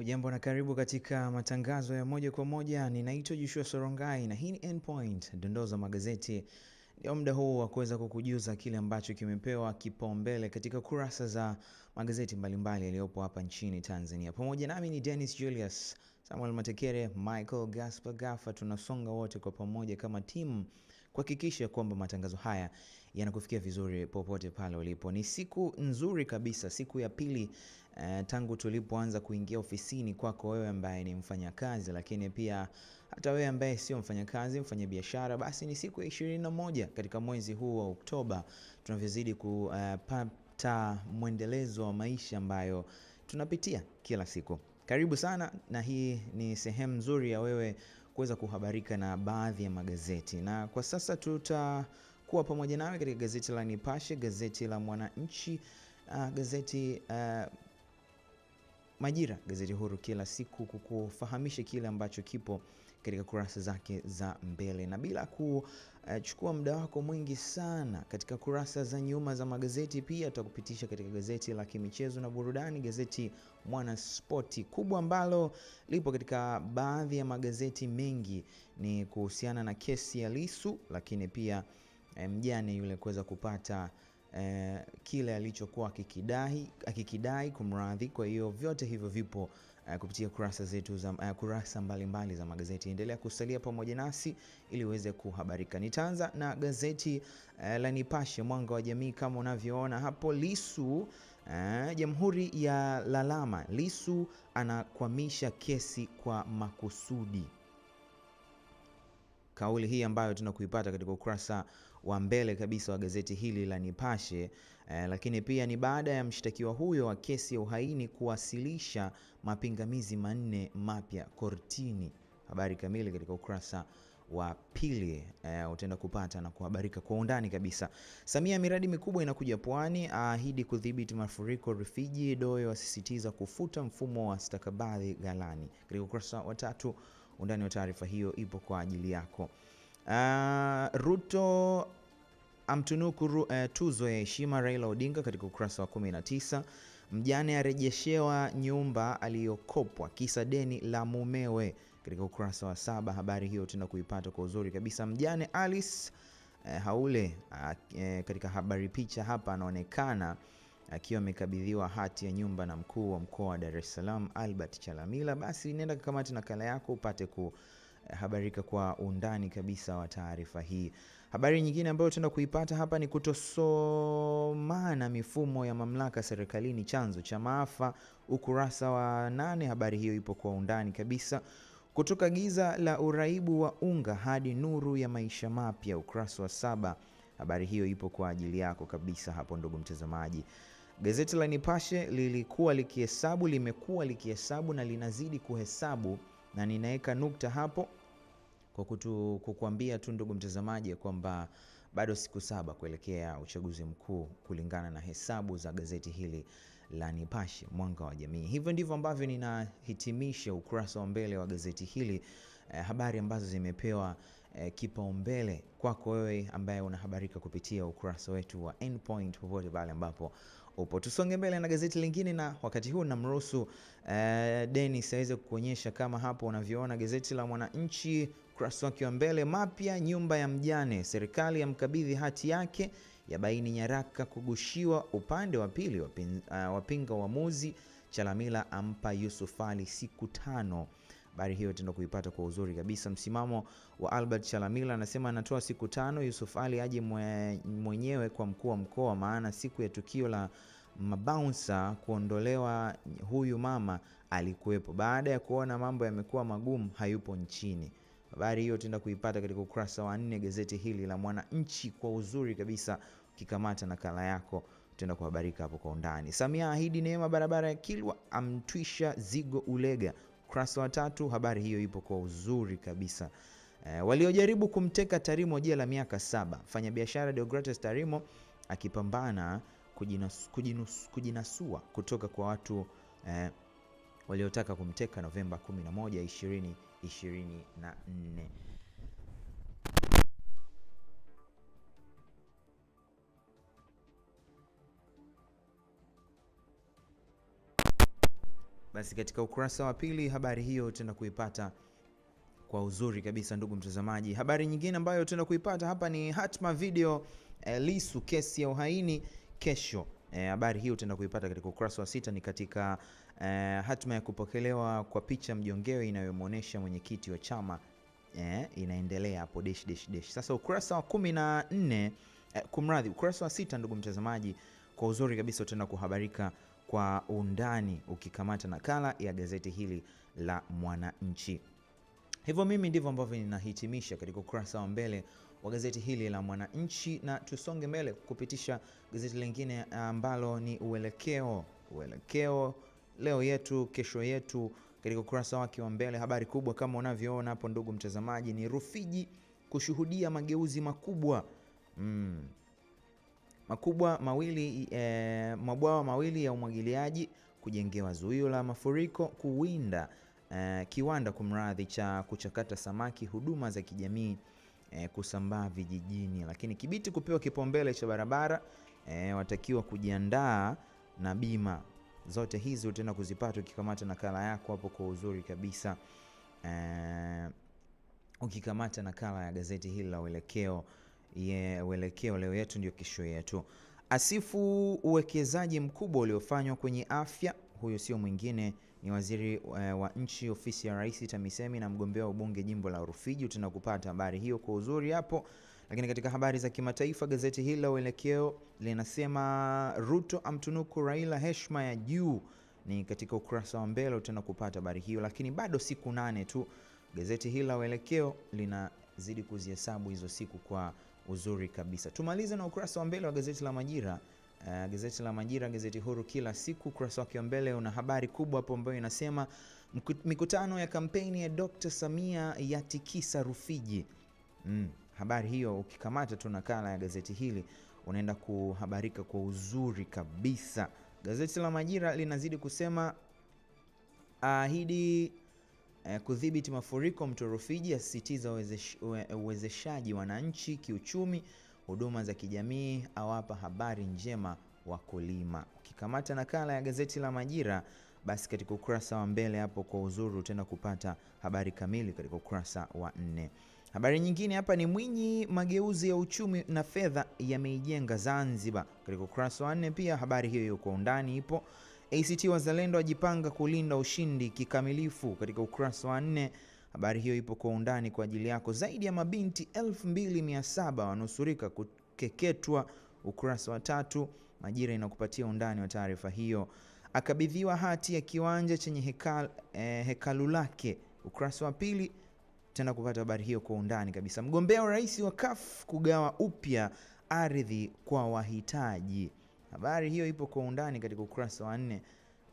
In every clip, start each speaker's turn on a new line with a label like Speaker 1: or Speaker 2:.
Speaker 1: ujambo na karibu katika matangazo ya moja kwa moja. Ninaitwa Joshua Sorongai na hii ni Endpoint, dondoo za magazeti. Ndio muda huu wa kuweza kukujuza kile ambacho kimepewa kipaumbele katika kurasa za magazeti mbalimbali yaliyopo hapa nchini Tanzania. Pamoja nami ni Dennis Julius, Samuel Matekere, Michael Gaspar gafa tunasonga wote kwa pamoja kama timu kuhakikisha kwamba matangazo haya yanakufikia vizuri popote pale ulipo. Ni siku nzuri kabisa, siku ya pili eh, tangu tulipoanza kuingia ofisini kwako wewe ambaye ni mfanyakazi, lakini pia hata wewe ambaye sio mfanyakazi, mfanyabiashara, basi ni siku ya ishirini na moja katika mwezi huu wa Oktoba tunavyozidi kupata mwendelezo wa maisha ambayo tunapitia kila siku. Karibu sana, na hii ni sehemu nzuri ya wewe kuweza kuhabarika na baadhi ya magazeti, na kwa sasa tutakuwa pamoja nawe katika gazeti la Nipashe, gazeti la Mwananchi, uh, gazeti uh, Majira, gazeti huru kila siku, kukufahamisha kile ambacho kipo katika kurasa zake za mbele na bila kuchukua muda wako mwingi sana katika kurasa za nyuma za magazeti. Pia tutakupitisha katika gazeti la kimichezo na burudani, gazeti Mwanaspoti. Kubwa ambalo lipo katika baadhi ya magazeti mengi ni kuhusiana na kesi ya Lissu, lakini pia eh, mjane yule kuweza kupata eh, kile alichokuwa akikidai, akikidai kumradhi. Kwa hiyo vyote hivyo vipo eh, kupitia kurasa zetu za eh, kurasa mbalimbali za magazeti. Endelea kusalia pamoja nasi ili uweze kuhabarika. Nitaanza na gazeti eh, la Nipashe Mwanga wa Jamii, kama unavyoona hapo Lisu eh, Jamhuri ya lalama, Lisu anakwamisha kesi kwa makusudi. Kauli hii ambayo tunakuipata katika ukurasa wa mbele kabisa wa gazeti hili la Nipashe eh, lakini pia ni baada ya mshtakiwa huyo wa kesi ya uhaini kuwasilisha mapingamizi manne mapya kortini. Habari kamili katika ukurasa wa pili eh, utaenda kupata na kuhabarika kwa undani kabisa. Samia, miradi mikubwa inakuja Pwani, aahidi kudhibiti mafuriko Rufiji. Doyo asisitiza kufuta mfumo wa stakabadhi ghalani. Katika ukurasa wa tatu undani wa taarifa hiyo ipo kwa ajili yako. Uh, Ruto amtunuku uh, eh, tuzo ya heshima Raila Odinga katika ukurasa wa 19. Mjane arejeshewa nyumba aliyokopwa kisa deni la mumewe katika ukurasa wa saba. Habari hiyo tena kuipata kwa uzuri kabisa. Mjane Alice uh, Haule uh, uh, katika habari picha hapa anaonekana akiwa amekabidhiwa hati ya nyumba na mkuu wa mkoa wa Dar es Salaam Albert Chalamila. Basi nenda kakamati nakala yako upate ku habarika kwa undani kabisa wa taarifa hii. Habari nyingine ambayo tutaenda kuipata hapa ni kutosomana mifumo ya mamlaka serikalini, chanzo cha maafa, ukurasa wa nane. Habari hiyo ipo kwa undani kabisa. Kutoka giza la uraibu wa unga hadi nuru ya maisha mapya, ukurasa wa saba. Habari hiyo ipo kwa ajili yako kabisa hapo, ndugu mtazamaji. Gazeti la Nipashe lilikuwa likihesabu, limekuwa likihesabu na linazidi kuhesabu, na ninaweka nukta hapo kwa kutu, kukuambia tu ndugu mtazamaji kwamba bado siku saba kuelekea uchaguzi mkuu kulingana na hesabu za gazeti hili la Nipashe Mwanga wa Jamii. Hivyo ndivyo ambavyo ninahitimisha ukurasa wa mbele wa gazeti hili eh, habari ambazo zimepewa eh, kipaumbele kwako wewe ambaye unahabarika kupitia ukurasa wetu wa nPoint popote pale ambapo upo. Tusonge mbele na gazeti lingine, na wakati huu namruhusu eh, Dennis aweze kukuonyesha kama hapo unavyoona gazeti la Mwananchi Ukurasa wake wa mbele mapya, nyumba ya mjane, serikali yamkabidhi hati yake, yabaini nyaraka kugushiwa. Upande wa pili uh, wapinga uamuzi, Chalamila ampa Yusuf Ali siku tano. Habari hiyo tenda kuipata kwa uzuri kabisa. Msimamo wa Albert Chalamila anasema anatoa siku tano Yusuf Ali aje mwenyewe kwa mkuu wa mkoa, maana siku ya tukio la mabaunsa kuondolewa huyu mama alikuwepo. Baada ya kuona mambo yamekuwa magumu, hayupo nchini. Habari hiyo tenda kuipata katika ukurasa wa nne gazeti hili la Mwananchi kwa uzuri kabisa, ukikamata nakala yako tenda kuhabarika hapo kwa undani. Samia ahidi neema barabara ya Kilwa, amtwisha zigo Ulega. Ukurasa wa tatu, habari hiyo ipo kwa uzuri kabisa. E, waliojaribu kumteka Tarimo jela miaka saba. Mfanyabiashara Deogratus Tarimo akipambana kujinasua, kujinus, kujinasua kutoka kwa watu e, waliotaka kumteka Novemba 11, 20 24. Basi katika ukurasa wa pili habari hiyo utaenda kuipata kwa uzuri kabisa, ndugu mtazamaji. Habari nyingine ambayo utaenda kuipata hapa ni hatma video eh, Lisu, kesi ya uhaini kesho Eh, habari e, hii utaenda kuipata katika ukurasa wa sita. Ni katika e, hatima ya kupokelewa kwa picha mjongewe inayomwonyesha mwenyekiti wa chama e, inaendelea hapo dash dash dash. Sasa ukurasa wa kumi na nne e, kumradhi, ukurasa wa sita, ndugu mtazamaji, kwa uzuri kabisa utaenda kuhabarika kwa undani ukikamata nakala ya gazeti hili la Mwananchi. Hivyo mimi ndivyo ambavyo ninahitimisha katika ukurasa wa mbele wa gazeti hili la Mwananchi, na tusonge mbele kupitisha gazeti lingine ambalo ni Uelekeo. Uelekeo leo yetu kesho yetu, katika ukurasa wake wa mbele habari kubwa kama unavyoona hapo, ndugu mtazamaji, ni Rufiji kushuhudia mageuzi makubwa mm. makubwa mawili e, mabwawa mawili ya umwagiliaji kujengewa zuio la mafuriko kuwinda e, kiwanda kumradhi cha kuchakata samaki, huduma za kijamii e, kusambaa vijijini, lakini Kibiti kupewa kipaumbele cha barabara e, watakiwa kujiandaa na bima. Zote hizi utaenda kuzipata ukikamata nakala yako hapo kwa uzuri kabisa e, ukikamata nakala ya gazeti hili la Uelekeo. Ye, Uelekeo, leo yetu ndio kesho yetu. Asifu uwekezaji mkubwa uliofanywa kwenye afya, huyo sio mwingine ni waziri eh, wa nchi ofisi ya Rais TAMISEMI na mgombea wa ubunge jimbo la Rufiji. Tunakupata habari hiyo kwa uzuri hapo. Lakini katika habari za kimataifa, gazeti hili la Uelekeo linasema Ruto amtunuku Raila heshima ya juu, ni katika ukurasa wa mbele utanakupata habari hiyo. Lakini bado siku nane tu, gazeti hili la Uelekeo linazidi kuzihesabu hizo siku kwa uzuri kabisa. Tumalize na ukurasa wa mbele wa gazeti la Majira Uh, gazeti la Majira, gazeti huru kila siku, ukurasa wake wa mbele una habari kubwa hapo ambayo inasema mikutano ya kampeni ya Dr. Samia yatikisa Rufiji. Mm, habari hiyo ukikamata tu nakala ya gazeti hili unaenda kuhabarika kwa uzuri kabisa. Gazeti la Majira linazidi kusema ahidi uh, kudhibiti mafuriko mto Rufiji, asisitiza uwezeshaji wananchi kiuchumi huduma za kijamii, awapa habari njema wakulima. Ukikamata nakala ya gazeti la Majira, basi katika ukurasa wa mbele hapo kwa uzuri utaenda kupata habari kamili katika ukurasa wa nne. Habari nyingine hapa ni Mwinyi, mageuzi ya uchumi na fedha yameijenga Zanzibar. Katika ukurasa wa nne pia habari hiyo kwa undani ipo. ACT Wazalendo wajipanga kulinda ushindi kikamilifu katika ukurasa wa nne. Habari hiyo ipo kwa undani kwa ajili yako. Zaidi ya mabinti 2700 wanusurika kukeketwa, ukurasa wa tatu. Majira inakupatia undani wa taarifa hiyo. Akabidhiwa hati ya kiwanja chenye hekal, eh, hekalu lake, ukurasa wa pili tena kupata habari hiyo kwa undani kabisa. Mgombea urais wa CUF kugawa upya ardhi kwa wahitaji, habari hiyo ipo kwa undani katika ukurasa wa nne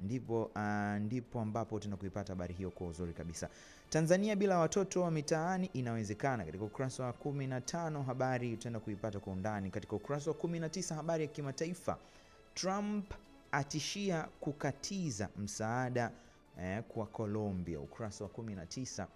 Speaker 1: ndipo, uh, ndipo ambapo tena kuipata habari hiyo kwa uzuri kabisa. Tanzania bila watoto wa mitaani inawezekana. Katika ukurasa wa 15 habari utaenda kuipata kwa undani. Katika ukurasa wa 19 habari ya kimataifa, Trump atishia kukatiza msaada eh, kwa Colombia. Ukurasa wa 19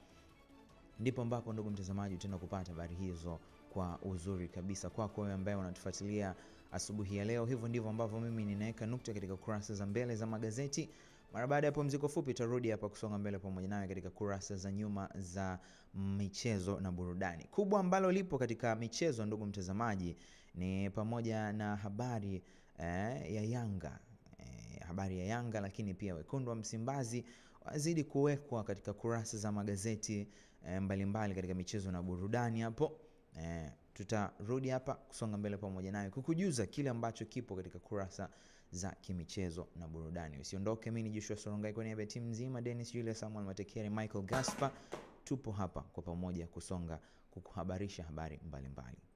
Speaker 1: ndipo ambapo ndugu mtazamaji utaenda kupata habari hizo kwa uzuri kabisa kwako wewe ambaye unatufuatilia asubuhi ya leo. Hivyo ndivyo ambavyo mimi ninaweka nukta katika kurasa za mbele za magazeti mara baada ya pumziko fupi, tutarudi hapa kusonga mbele pamoja nawe katika kurasa za nyuma za michezo na burudani. Kubwa ambalo lipo katika michezo, ndugu mtazamaji, ni pamoja na habari eh, ya Yanga eh, habari ya Yanga, lakini pia wekundu wa Msimbazi wazidi kuwekwa katika kurasa za magazeti eh, mbalimbali eh, mbali katika michezo na burudani hapo eh, tutarudi hapa kusonga mbele pamoja nawe kukujuza kile ambacho kipo katika kurasa za kimichezo na burudani. Usiondoke, mimi ni Joshua Sorongai kwa niaba ya timu nzima, Dennis Julius, Samuel Matekere, Michael Gaspar, tupo hapa kwa pamoja kusonga kukuhabarisha habari mbalimbali mbali.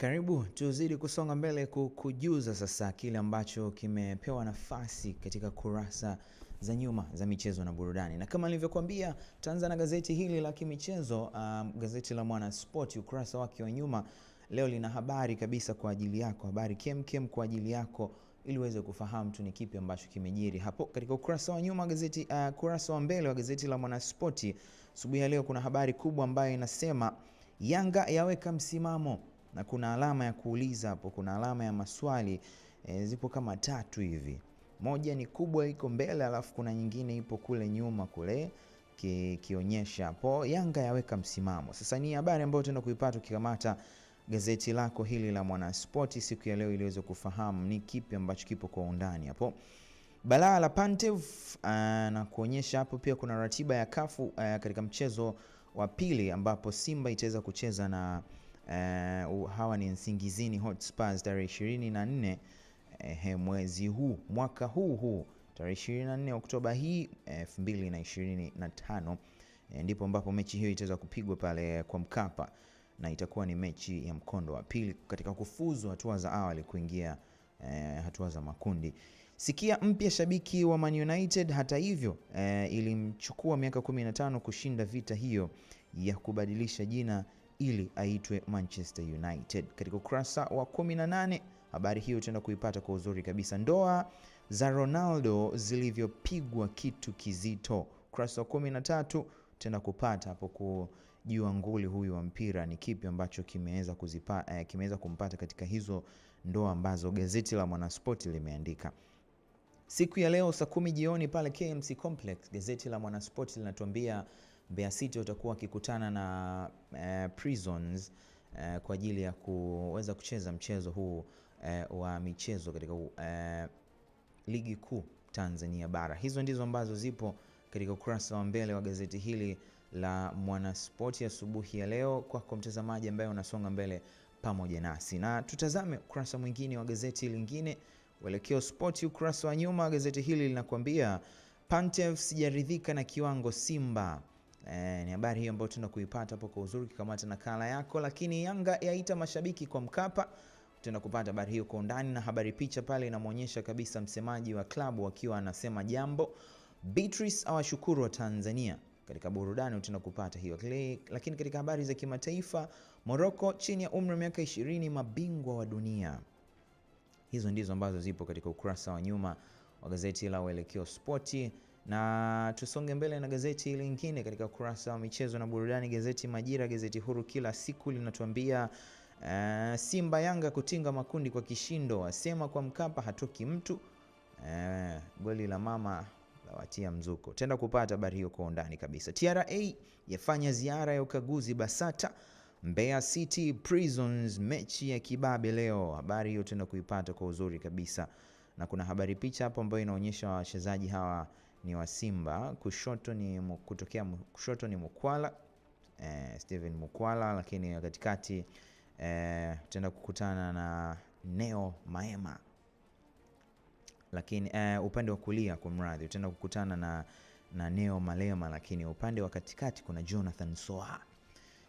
Speaker 1: Karibu tuzidi kusonga mbele kukujuza sasa kile ambacho kimepewa nafasi katika kurasa za nyuma za michezo na burudani, na kama nilivyokuambia, tutaanza na gazeti hili la kimichezo um, gazeti la Mwana Sport ukurasa wake wa nyuma leo lina habari kabisa kwa ajili yako, habari kemkem kwa ajili yako ili uweze kufahamu tu ni kipi ambacho kimejiri hapo katika ukurasa wa nyuma gazeti, uh, kurasa wa mbele wa gazeti la Mwanaspoti asubuhi ya leo kuna habari kubwa ambayo inasema Yanga yaweka msimamo na kuna alama ya kuuliza hapo, kuna alama ya maswali e, zipo kama tatu hivi. Moja ni kubwa iko mbele, alafu kuna nyingine ipo kule nyuma kule kionyesha hapo Yanga yaweka msimamo. Sasa ni habari ambayo tutaenda kuipata ukikamata gazeti lako hili la Mwanaspoti siku ya leo iliweza kufahamu ni kipi ambacho kipo kwa undani hapo. Balaa la Pantev ah, na kuonyesha hapo pia kuna ratiba ya kafu eh, katika mchezo wa pili ambapo Simba itaweza kucheza na Uh, hawa ni Nsingizini Hotspurs tarehe ishirini na nne eh, mwezi huu mwaka huu huu tarehe 24 Oktoba hii 2025 eh, ndipo ambapo mechi hiyo itaweza kupigwa pale kwa Mkapa na itakuwa ni mechi ya mkondo wa pili katika kufuzu hatua za awali kuingia eh, hatua za makundi. Sikia mpya shabiki wa Man United. Hata hivyo eh, ilimchukua miaka 15 kushinda vita hiyo ya kubadilisha jina ili aitwe Manchester United. Katika ukurasa wa 18 habari hiyo utaenda kuipata kwa uzuri kabisa, ndoa za Ronaldo zilivyopigwa kitu kizito. Ukurasa wa 13 tena kupata hapo kujua nguli huyu wa mpira ni kipi ambacho kimeweza kuzipa, eh, kimeweza kumpata katika hizo ndoa ambazo gazeti la Mwanaspoti limeandika siku ya leo saa kumi jioni pale KMC Complex. Gazeti la Mwanaspoti linatuambia Mbeya City watakuwa wakikutana na eh, Prisons eh, kwa ajili ya kuweza kucheza mchezo huu eh, wa michezo katika eh, ligi kuu Tanzania bara. Hizo ndizo ambazo zipo katika ukurasa wa mbele wa gazeti hili la Mwanaspoti asubuhi ya, ya leo kwako mtazamaji ambaye unasonga mbele pamoja nasi, na tutazame ukurasa mwingine wa gazeti lingine Uelekeo Spoti, ukurasa wa nyuma wa gazeti hili linakuambia Pantev, sijaridhika na kiwango Simba E, ni habari hiyo ambayo tuna kuipata hapo kwa uzuri kikamata nakala yako, lakini Yanga yaita mashabiki kwa Mkapa. Tuna kupata habari hiyo kwa undani na habari picha pale inamwonyesha kabisa msemaji wa klabu akiwa anasema jambo. Beatrice awashukuru wa Tanzania katika burudani tena kupata hiyo. Lakini katika habari za kimataifa, Morocco chini ya umri wa miaka 20 mabingwa wa dunia. Hizo ndizo ambazo zipo katika ukurasa wa nyuma wa gazeti la Uelekeo Sporti. Na tusonge mbele na gazeti lingine katika ukurasa wa michezo na burudani, gazeti Majira, gazeti huru kila siku linatuambia uh, Simba Yanga kutinga makundi kwa kishindo, wasema kwa Mkapa hatoki mtu uh, goli la mama lawatia mzuko. Tenda kupata habari hiyo kwa undani kabisa. TRA yafanya ziara ya ukaguzi BASATA Mbeya City Prisons, mechi ya kibabe leo. Habari hiyo tenda kuipata kwa uzuri kabisa, na kuna habari picha hapo ambayo inaonyesha wachezaji hawa ni wa Simba, kushoto ni kutokea kushoto ni Mukwala eh, Steven Mukwala, lakini katikati eh, tutaenda kukutana na Neo Maema, lakini eh, upande wa kulia kwa mradhi utaenda kukutana na, na Neo Malema, lakini upande wa katikati kuna Jonathan Soa.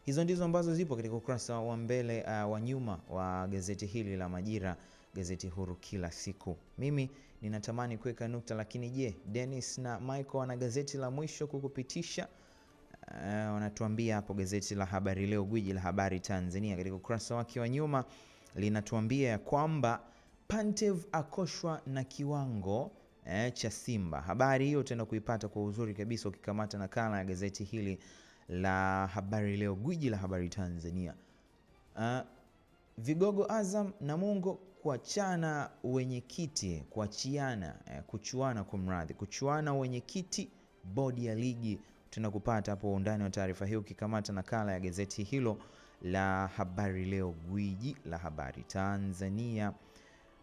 Speaker 1: Hizo ndizo ambazo zipo katika ukurasa wa mbele uh, wa nyuma wa gazeti hili la Majira gazeti huru kila siku. Mimi ninatamani kuweka nukta, lakini je, Dennis na Michael wana gazeti la mwisho kukupitisha? Uh, wanatuambia hapo gazeti la Habari Leo, gwiji la habari Tanzania, katika ukurasa wake wa nyuma linatuambia ya kwamba Pantev akoshwa na kiwango eh, cha Simba. Habari hiyo utaenda kuipata kwa uzuri kabisa ukikamata nakala ya gazeti hili la Habari Leo, gwiji la habari Tanzania. Uh, vigogo Azam Namungo kuachana wenyekiti, kuachiana, eh, kuchuana, kumradhi, kuchuana wenyekiti bodi ya ligi. Tunakupata hapo undani wa taarifa hiyo ukikamata nakala ya gazeti hilo la Habari Leo, gwiji la habari Tanzania.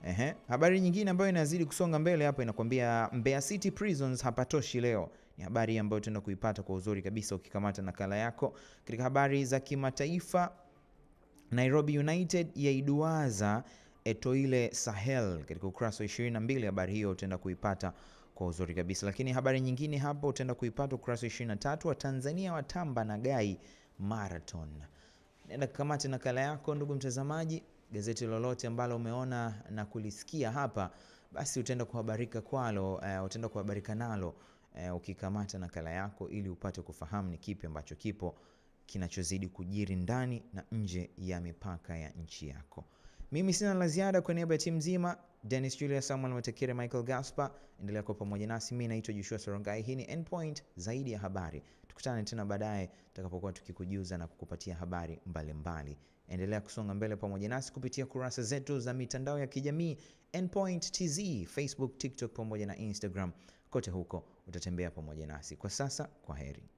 Speaker 1: Ehe, habari nyingine ambayo inazidi kusonga mbele hapa inakwambia Mbeya City Prisons hapatoshi leo. Ni habari ambayo tunaenda kuipata kwa uzuri kabisa ukikamata nakala yako. Katika habari za kimataifa, Nairobi United yaiduaza Etoile Sahel katika ukurasa wa 22. Habari hiyo utaenda kuipata kwa uzuri kabisa, lakini habari nyingine hapo utaenda kuipata ukurasa wa 23 wa Tanzania watamba na Gai Marathon. Nenda kamate nakala yako ndugu mtazamaji, gazeti lolote ambalo umeona na kulisikia hapa, basi utaenda kuhabarika kwalo, uh, utaenda kuhabarika nalo uh, ukikamata nakala yako ili upate kufahamu ni kipi ambacho kipo kinachozidi kujiri ndani na nje ya mipaka ya nchi yako. Mimi sina la ziada kwa niaba ya timu nzima, Dennis Julius, Samuel Matekere, Michael Gaspar, endelea kuwa pamoja nasi. Mimi naitwa Joshua Sorongai. Hii ni Endpoint, zaidi ya habari. Tukutane tena baadaye tutakapokuwa tukikujuza na kukupatia habari mbalimbali mbali. Endelea kusonga mbele pamoja nasi kupitia kurasa zetu za mitandao ya kijamii Endpoint TZ, Facebook, TikTok pamoja na Instagram. Kote huko utatembea pamoja nasi. Kwa sasa, kwa heri.